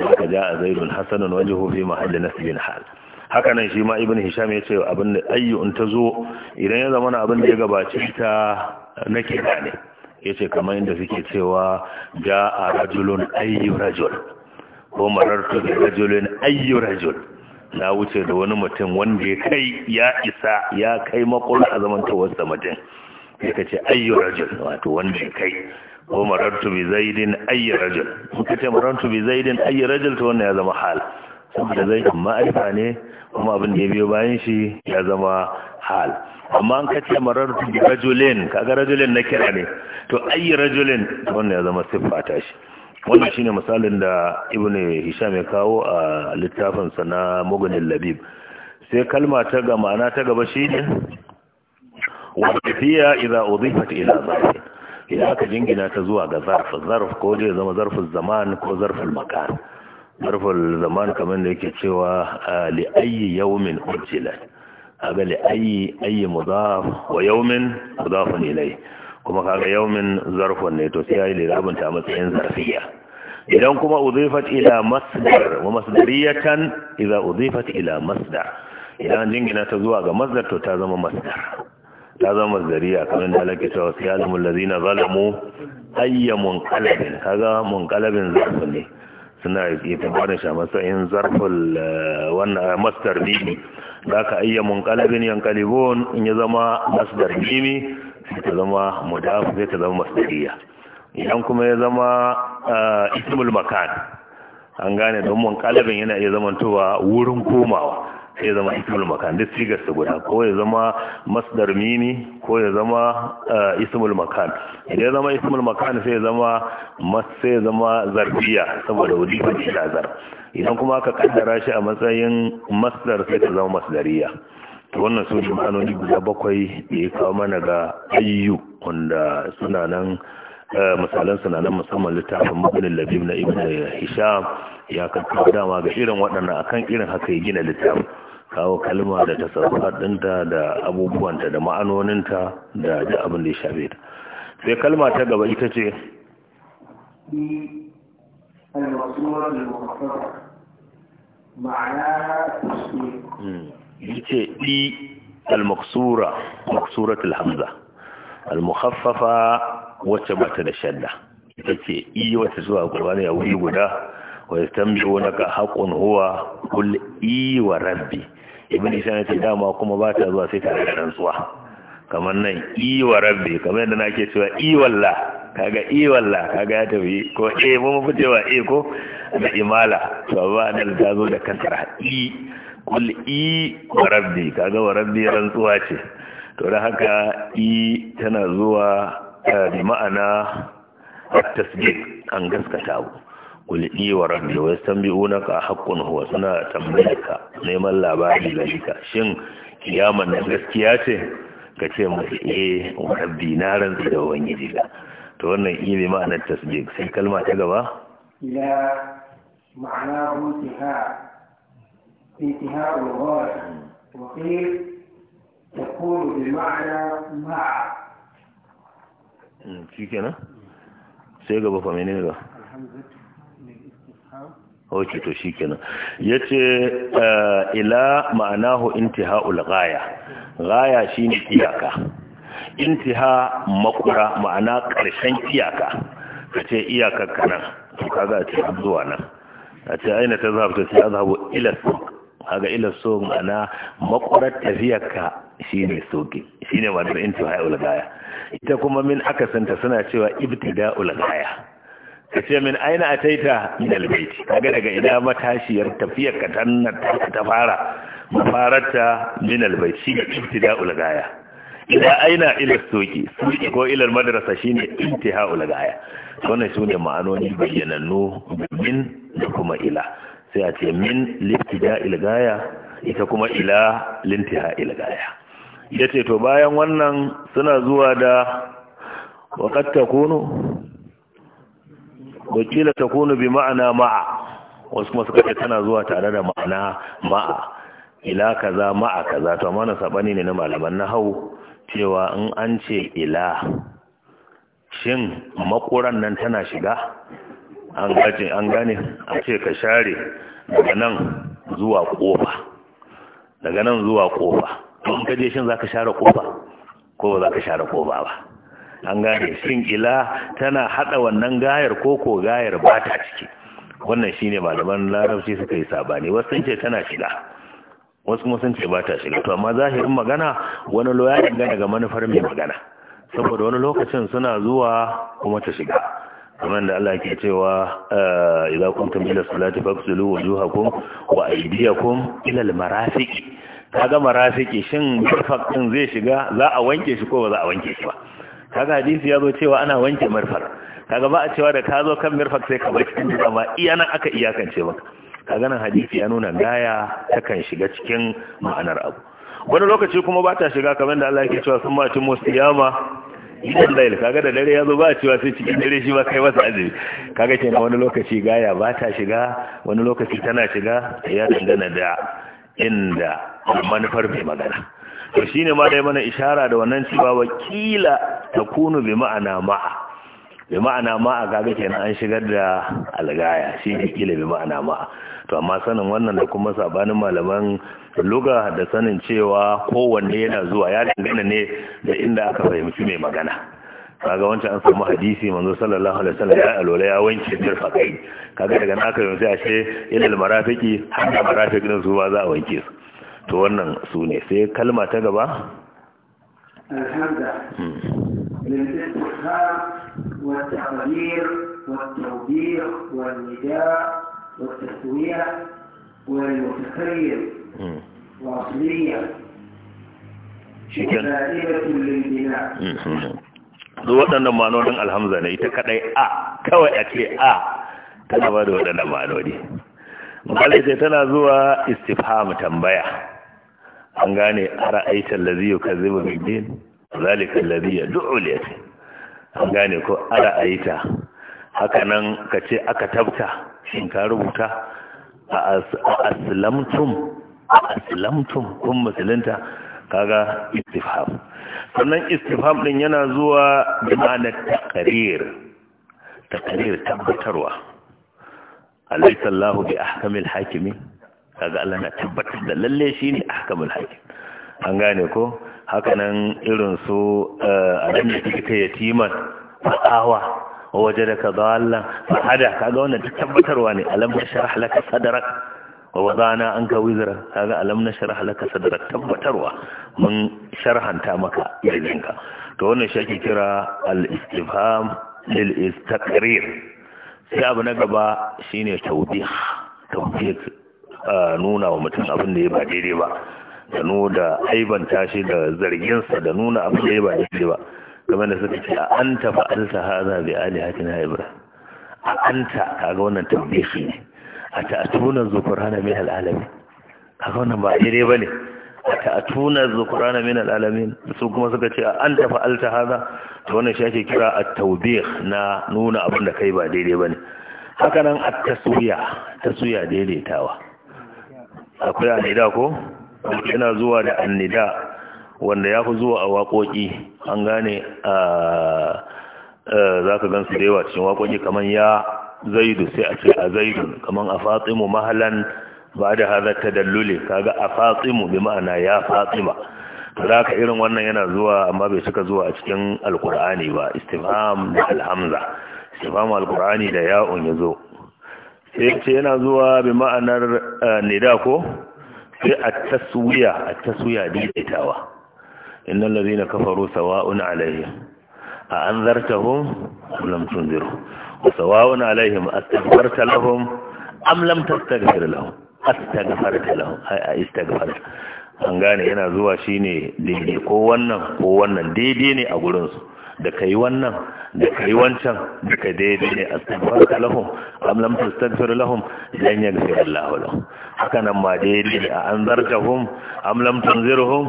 haka ja zaidun hasanun wajhu fi mahalli nasbin hal haka nan shi ma ibn hisham ya ce abin da in ta zo idan ya zama abin da ya gabace ta na kira ne ya kamar inda suke cewa ja rajulun ayyu rajul ko marartu da rajulun ayyu rajul na wuce da wani mutum wanda ya kai ya isa ya kai makul a zamantawarsa mutum sai ka ce ayyu rajul wato wanda kai ko marartu bi zaidin ayyu rajul ka ce marartu bi zaidin ayyu rajul to wannan ya zama hal saboda zaidin ma'arifa ne kuma abin da ya biyo bayan shi ya zama hal amma ka ce marartu bi rajulin kaga rajulin na kira ne to ayyu rajulin wannan ya zama siffata shi wannan shine misalin da Ibn hisham ya kawo a littafinsa na mugunin labib sai kalma ta ga ma'ana ta gaba shine wadda idza udhifat ila zarf idan aka jingina ta zuwa ga zarf zarf ko zai zama zarfin zaman ko zarfin makan zarfin zaman kamar da yake cewa li ayyi yawmin ujjilat kaga li ayyi ayyi mudaf wa yawmin mudafun ilai kuma kaga yawmin zarfun ne to sai ayi lirabin matsayin zarfiya idan kuma udhifat ila masdar wa masdariyatan idan udhifat ila masdar idan jingina ta zuwa ga masdar to ta zama masdar ta zama zariya kamar da halaka cewa su yalamun lazina zalamu ayya munkalabin kaga munkalabin zarfu ne suna yi bada shi a yin zarfin eh, wannan eh, masdar dini da ka ayya munkalabin yankalibon in ya zama masdar dini sai ta zama mudafu sai ta zama masdariya idan kuma ya zama eh, ismul makan an gane don munkalabin yana iya zamantowa wurin komawa sai zama ismul makan duk sigar su guda ko ya zama masdar mini ko ya zama eh, ismul makan idan ya zama ismul makan sai ya zama mas sai ya zama zarfiya saboda wuri shi da zar idan kuma aka kaddara shi a matsayin masdar sai ta zama masdariya to wannan su ne ma'anoni guda bakwai da ya kawo mana ga ayyu wanda suna nan eh, misalan suna nan musamman littafin mabinin labib na ibn hisham ya kakkawa dama ga irin waɗannan akan irin haka ya gina littafin kawo kalma da ta ɗinta da abubuwanta da ma'anoninta da abin da ya shafe ta sai kalma ta gaba ita ce hmm. yace al-maksura maksuratul hamza al-mukhaffafa wacce mata da shadda ita ce i wacce zuwa gurbani a wuri guda wa ka haqqun huwa qul i wa rabbi ibn isa ce dama kuma ba ta zuwa sai ta da rantsuwa kamar nan i wa rabbi kamar yadda nake cewa i wallah kaga i wallah kaga ya tafi ko eh mun mu cewa eh ko da imala to ba da ta zo da kasara i qul i wa rabbi kaga wa rabbi rantsuwa ce to da haka i tana zuwa da ma'ana at-tasdiq an gaskata abu kulli wa rabbi wa yastanbi'unaka haqqun huwa suna tambayarka neman labari gare ka shin kiyaman na gaskiya ce ka ce musu eh rabbi na rantsa da wani ka to wannan ilimi ma'anar tasbih sai kalma ta gaba ila ma'ana intiha intiha al-ghaya wa qil تقول بمعنى مع شي كده sai gaba fa menene ba ok to shi kenan ya ce eh, ila ma'anahu intiha'ul gaya gaya shi ne iyaka intiha makura ma'ana ƙarshen iyaka ka ce iyakar kanan ka ga ce zuwa nan a ce aina ta zafi ta ce a zafi ilasun haga ilasso ma'ana makurar tafiyarka shi ne soke shi ne ma'anar intiha ulgaya ita kuma min akasanta suna cewa ibtida ulgaya ka ce min aina a taita min albaiti kaga daga ina matashiyar tafiyar ka ta fara mafararta min albaiti shi ne ibtida'ul gaya ila aina ila soki soki ko ila madrasa shine intiha'ul gaya wannan sune ma'anoni bayyanannu min da kuma ila sai a ce min liftida'il gaya ita kuma ila lintiha'il gaya yace to bayan wannan suna zuwa da waqad takunu wakila ta kunu bi ma'ana ma'a wasu kuma suka tana zuwa tare da ma'ana ma'a ila kaza ma'a kaza to amma na sabani ne na malaman na hau cewa in an ce ila shin makuran nan tana shiga an gaje an gane a ce ka share daga nan zuwa kofa daga nan zuwa kofa in kaje shin zaka share kofa ko ba ka share kofa ba an gane shin ila tana hada wannan gayar ko ko gayar ba ta ciki wannan shine malaman larabci suka yi sabani wasu sun ce tana shiga wasu kuma sun ce ba ta shiga to amma zahirin magana wani loya ya daga manufar mai magana saboda wani lokacin suna zuwa kuma ta shiga kamar da Allah ke cewa eh, idza kuntum ila salati faghsilu wujuhakum wa aydiyakum ila al-marafiq kaga marafiki shin mirfaq din zai shiga za a wanke shi ko ba za a wanke shi ba kaga hadisi ya zo cewa ana wanke marfar kaga ba a cewa da ka zo kan marfar sai ka bar cikin jika iya nan aka iyakance maka kaga nan hadisi ya nuna gaya takan shiga cikin ma'anar abu wani lokaci kuma ba ta shiga kamar da Allah yake cewa sun ma tun yama idan dai kaga da dare ya zo ba cewa sai cikin dare shi ba kai masa azumi kaga kenan wani lokaci gaya ba ta shiga wani lokaci tana shiga ya dangana da inda manufar mai magana to shine ma dai mana ishara da wannan cewa wakila kunu bi ma'ana ma'a bi ma'ana ma'a kaga kenan an shigar da algaya shi ne kila bi ma'ana ma'a to amma sanin wannan da kuma sabanin malaman luga da sanin cewa kowanne yana zuwa ya dangana ne da inda aka fahimci mai magana kaga wancan an samu hadisi manzo sallallahu alaihi wasallam ya alola ya wanke fakai kaga daga nan aka yanzu ashe ilal marafiki har da marafikin su ba za a wanke su to wannan su ne sai kalma ta gaba الحمد للاستفهام والتقرير والتوبيخ والنداء والتسوية والمتخيل وأصلية شكرا للبناء duk waɗannan manonin alhamza ne ita kaɗai a kawai a ce a tana ba da waɗannan ma'anoni. malai sai tana zuwa istifham tambaya an gane ara aitar lazi yau ka zuba bidin zalika lazi ya du'uliyar an gane ko ara aita haka nan ka ce aka tabta shin ka rubuta a aslamtum aslamtum kun musulunta kaga istifham sannan istifham din yana zuwa da ma'anar taqrir taqrir tabbatarwa alaysa Allahu bi ahkamil hakimin kaga Allah na tabbatar da lalle shine ahkamul hakim an gane ko hakanan irin su eh, a nan da take ta yatiman fa'awa waje da ka zallan fa'ada kaga wannan ta tabbatarwa ne alam nashrah laka sadrak wa wadana anka wizra kaga alam nashrah laka sadrak tabbatarwa mun sharhanta maka yanka to wannan shi ake kira al-istifham lil istaqrir sai abu na gaba shine tawdih tawdih nuna wa mutum abin da ya ba daidai ba da nuna da aibanta shi da zarginsa da nuna abin da ya ba daidai ba kamar da suka ce a an tafi an sa haza bi ali hakin haibra a an ta kaga wannan tabbihi ne a tuna zukurana min al'alamin kaga wannan ba daidai bane a tuna zukurana min al'alamin su kuma suka ce a an tafi alta haza to wannan shi ake kira at-tawbih na nuna abin da kai ba daidai bane haka nan at-taswiya taswiya daidaitawa akwai annida ko yana zuwa da annida wanda ya fi zuwa a waƙoƙi an gane a za ka gan su da yawa cikin waƙoƙi kamar ya zaidu sai a ce a zaidu kamar a fatsimu mahalan ba da haza ta dallule kaga a fatsimu bi ma'ana ya fatsima za ka irin wannan yana zuwa amma bai suka zuwa a cikin alkur'ani ba istifam da alhamza istifam alkur'ani da ya'un ya zo sai ce yana zuwa bi ma'anar eh, nida ko sai a taswiya a taswiya daidaitawa innal ladhina kafaru sawa'un alaihim a anzartahum am lam tunziru wa sawa'un alaihim astaghfarta lahum am lam tastaghfir lahum astaghfarta lahum ai astaghfarta an gane yana zuwa shine daidai ko wannan ko wannan daidai ne a gurin su da kai wannan da kai wancan da ka daidai ne astaghfirka lahum am lam tastaghfir lahum lan yaghfir Allah lahum haka nan ma daidai a anzartahum am lam tunzirhum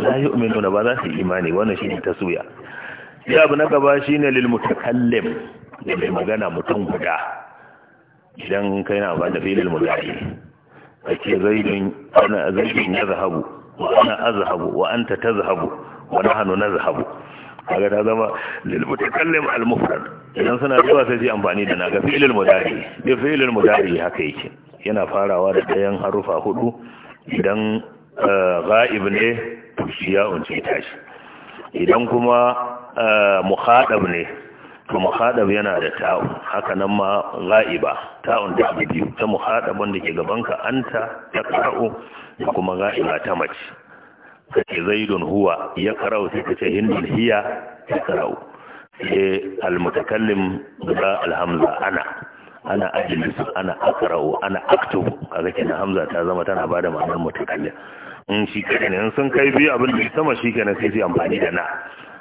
la yu'minuna ba za su imani wannan shine taswiya sai abu na gaba shine lil mutakallim da mai magana mutum guda idan kai na ba da filil mudari ake zaidun ana zaidun ya zahabu wa ana azhabu wa anta tazhabu wa nahnu nazhabu kaga ta zama lil mutakallim al mufrad idan suna zuwa sai su amfani da naga fi'il mudari da fi'il mudari haka yake yana farawa da ɗayan harufa hudu idan eh, ghaib ne to shi ya unce tashi idan kuma eh, muhadab ne to muhadab yana da ta'un haka nan ma ghaiba ta'un da biyu ta muhadabin wanda ke gaban ka anta ta ka'u kuma ghaiba ta mace ka ce zaidun huwa ya karau sai ka ce hindun hiya ya karau sai almutakallim da alhamza ana ana ajlisu ana akra'u ana aktubu kaga kenan hamza ta zama tana bada ma'anar mutakallim in shi ne sun kai biyu abin da sama shi kenan sai su amfani da na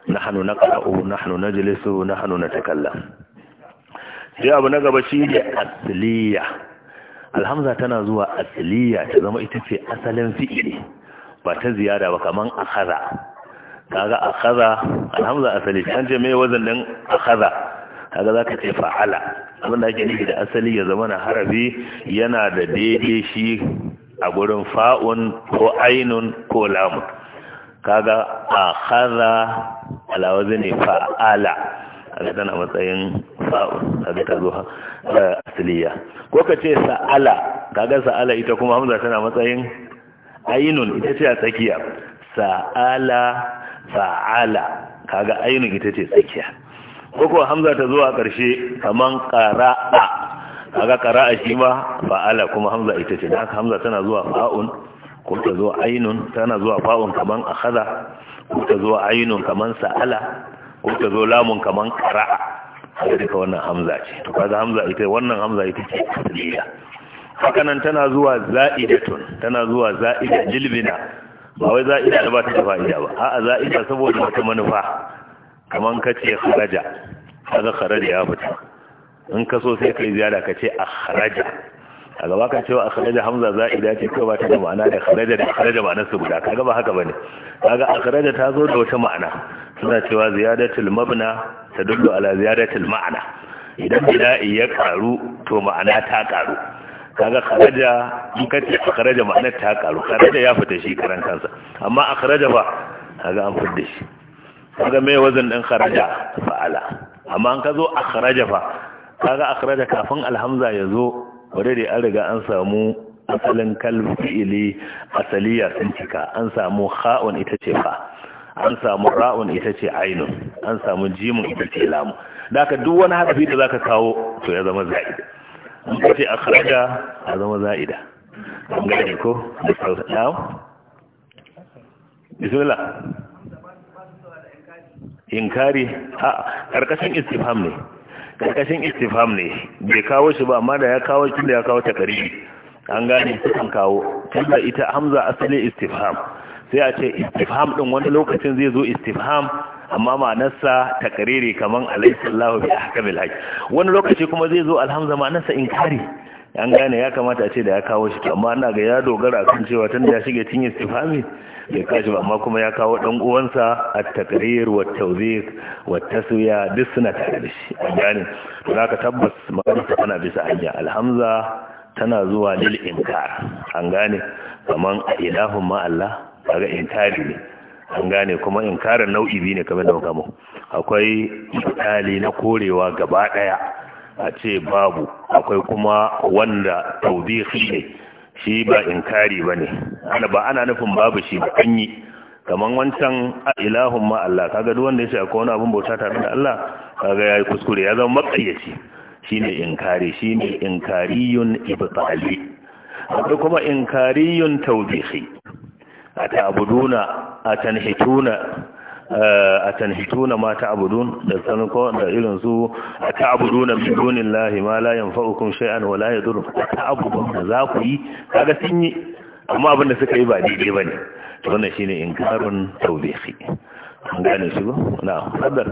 nahnu naqra'u nahnu najlisu nahnu natakallam sai abu na gaba shi ne asliya alhamza tana zuwa asliya ta zama ita ce asalin fi'ili ba ta ziyara ba kaman ga kaga akhadha alhamza asali an ce mai wazan din ga kaga zaka ce fa'ala abin ake nufi da asali ya zama na harabi yana da daidai shi a gurin fa'un ko ainun ko lamun kaga akhadha ala wazni fa'ala kaga tana matsayin fa'un kaga ta zo eh, asaliya ko ka ce sa'ala kaga sa'ala ita kuma hamza tana matsayin ainun ita ce a tsakiya sa'ala fa'ala kaga ainun ita ce tsakiya koko hamza ta zuwa karshe kaman qara'a kaga qara'a shi ma fa'ala kuma hamza ita ce haka hamza tana zuwa fa'un ko ta zuwa ainun tana zuwa fa'un kaman akhadha ko ta zuwa ainun kaman sa'ala ko ta zo lamun kaman qara'a sai duka wannan hamza ce to kaga hamza ita wannan hamza ita ce tsakiya hakanan tana zuwa za'idatun tana zuwa za'ida jilbina ba wai za'ida da ba ta da fa'ida ba a'a za'ida saboda wata manufa kaman kace kharaja kaga kharaja ya fita in ka so sai kai ziyara ka ce akhraja a gaba ka cewa akhraja hamza za'ida ce ko ba ta da ma'ana da kharaja da kharaja ma'anar su guda kaga ba haka bane kaga akhraja ta zo da wata ma'ana suna cewa ziyadatul mabna tadullu ala ziyadatul ma'ana idan bida'i ya karu to ma'ana ta karu kaga kharaja in ka ce kharaja ma'anar ta karu kharaja ya fita shi karan kansa amma a kharaja ba kaga an fudda shi kaga mai wazan ɗin kharaja fa'ala amma an ka zo a kharaja fa kaga a kharaja kafin alhamza ya zo wadda dai an riga an samu asalin kalfi'ili asaliya sun cika an samu kha'un ita ce fa an samu ra'un ita ce ainun an samu jimin ita ce lamu da duk wani harafi da zaka kawo to ya zama za'id an a kharaja a zama za'ida an gane ko da sauran now bismillah inkari a karkashin istifham ne karkashin istifham ne bai kawo shi ba amma da ya kawo shi da ya kawo takaribi an gane sukan kawo tunda ita hamza asali istifham sai a ce istifham din wani lokacin zai zo istifham amma ma'anarsa takariri kaman alaihissallahu bi ahkamil haji wani lokaci kuma zai zo alhamza ma'anarsa inkari an gane ya kamata a ce da ya kawo shi amma ana ga ya dogara kan cewa tun da ya shige cin istifami ya kashi ba amma kuma ya kawo dan uwansa at takrir wa tawzik wa taswiya duk suna tare da shi an gane to zaka tabbas magana tana bisa hanya alhamza tana zuwa lil inkar an gane kaman ilahumma Allah kaga inkari ne an gane kuma in inkarin nau'i biyu ne kamar da muka mu akwai na korewa gaba daya a ce babu akwai kuma wanda tawbihi ne shi ba inkari bane ana ba ana nufin babu shi ba an yi Kamar wancan ilahun ma Allah kaga duk wanda ya ce akwai wani abin bauta tare da Allah kaga yayi kuskure ya zama makayyaci shine inkari shine inkariyun ibtali akwai kuma inkariyun tawbihi atabuduna atanhituna a tanhituna ma ta'abudun da sanin ko da irin su ta'abuduna min dunillahi ma la yanfa'ukum shay'an wa la ta'abudun da za ku yi kaga sun yi amma abin da suka yi ba daidai bane to wannan shine inkarun tawbihi an gane shi na hadar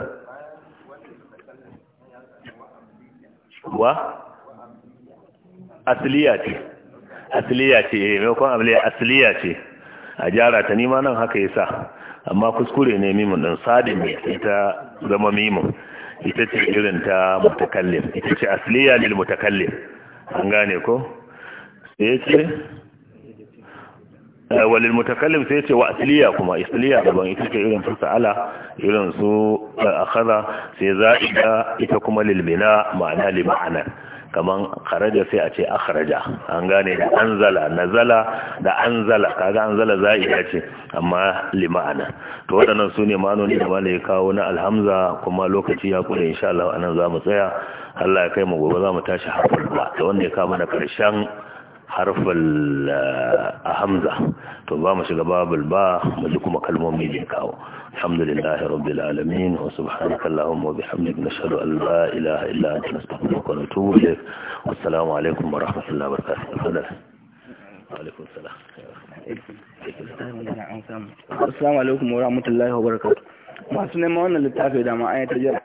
wa asliya ce asliya ce maimakon amliya asliya ce a gyara ta nima nan haka ya sa, amma kuskure ne mimun ɗin sadin ne ita zama mimun ita ce irin ta mutakallin, ita ce asiliya lil mutakallin an gane ko sai ce eh, walil mutakallin sai ce wa asiliya kuma asiliya daban ita ce irin su sa'ala irin su eh, akhadha sai za'ida ita kuma lil ma'ana li ma'ana kaman kharaja sai a ce akhraja an gane da anzala nazala da anzala kaga anzala ya ce amma lima'ana to waɗannan sune manoni da malai kawo na alhamza kuma lokaci ya kure insha Allah anan zamu tsaya Allah ya kai mu gobe zamu tashi harful ba to wanda ya kama da karshen harful eh, hamza to ba mu shiga babul ba mu ji kuma kalmomi da kawo الحمد لله رب العالمين وسبحانك اللهم وبحمدك نشهد أن لا إله إلا أنت نستغفرك ونتوب إليك والسلام عليكم ورحمة الله وبركاته وعليكم السلام Assalamu alaikum wa rahmatullahi wa barakatuh. Masu neman wannan littafi da ma'ayyata